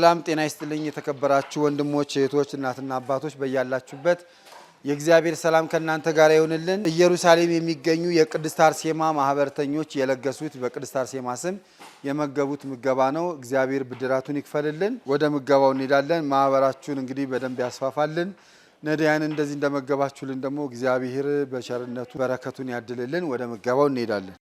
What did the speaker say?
ሰላም ጤና ይስጥልኝ። የተከበራችሁ ወንድሞች እህቶች፣ እናትና አባቶች በያላችሁበት የእግዚአብሔር ሰላም ከእናንተ ጋር ይሆንልን። ኢየሩሳሌም የሚገኙ የቅድስት አርሴማ ማህበርተኞች የለገሱት በቅድስት አርሴማ ስም የመገቡት ምገባ ነው። እግዚአብሔር ብድራቱን ይክፈልልን። ወደ ምገባው እንሄዳለን። ማህበራችሁን እንግዲህ በደንብ ያስፋፋልን። ነዳያን እንደዚህ እንደመገባችሁልን ደግሞ እግዚአብሔር በቸርነቱ በረከቱን ያድልልን። ወደ ምገባው እንሄዳለን።